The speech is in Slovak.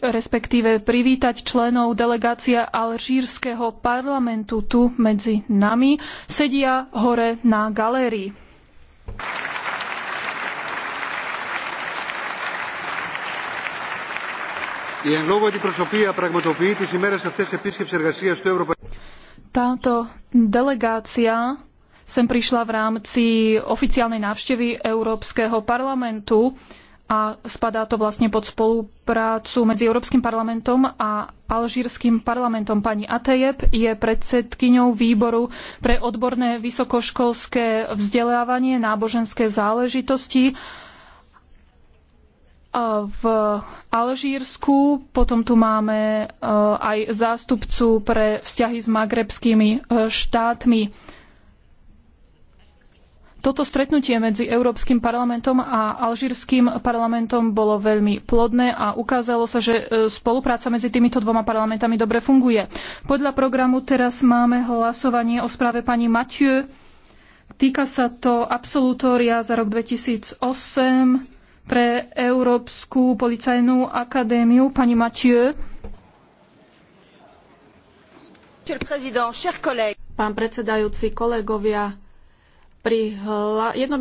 respektíve privítať členov delegácia Alžírskeho parlamentu tu medzi nami. Sedia hore na galérii. Táto delegácia sem prišla v rámci oficiálnej návštevy Európskeho parlamentu a spadá to vlastne pod spoluprácu medzi Európskym parlamentom a Alžírským parlamentom. Pani Atejeb je predsedkyňou výboru pre odborné vysokoškolské vzdelávanie, náboženské záležitosti v Alžírsku, potom tu máme e, aj zástupcu pre vzťahy s magrebskými e, štátmi. Toto stretnutie medzi Európskym parlamentom a Alžírským parlamentom bolo veľmi plodné a ukázalo sa, že e, spolupráca medzi týmito dvoma parlamentami dobre funguje. Podľa programu teraz máme hlasovanie o správe pani Mathieu. Týka sa to absolutória za rok 2008 pre Európsku policajnú akadémiu. Pani Mathieu. Pán predsedajúci, kolegovia, pri hla- jednom